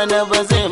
rana ba zai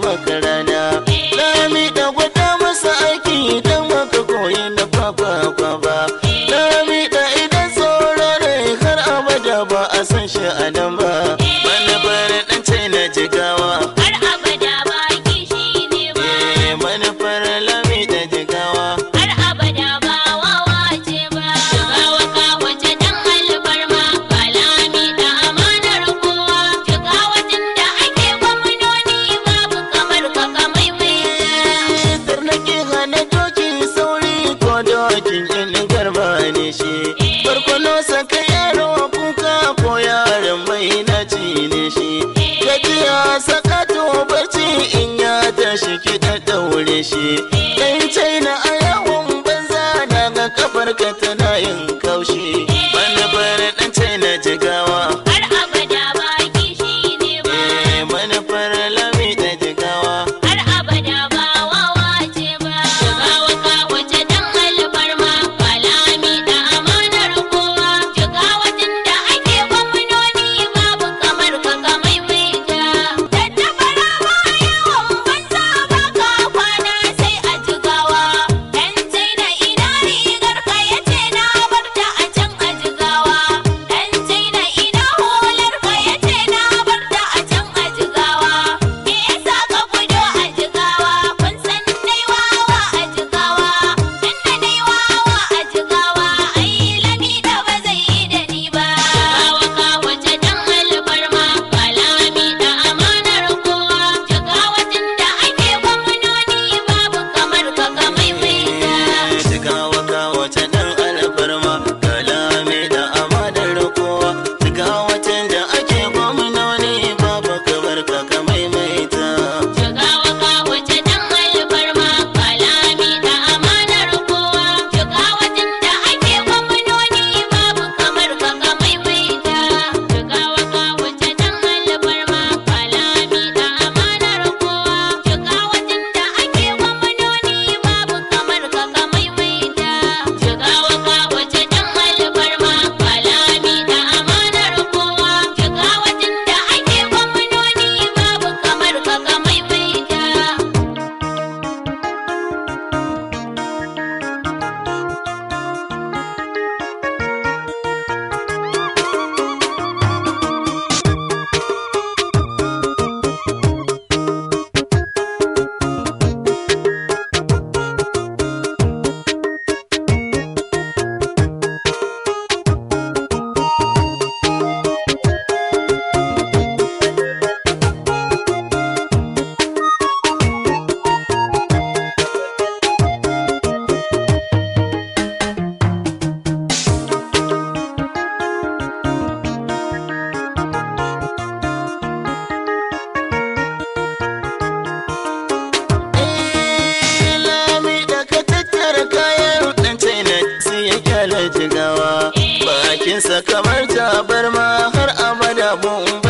ɗaure shi kai na a yawon banza na ga kafar ka tana yin won't.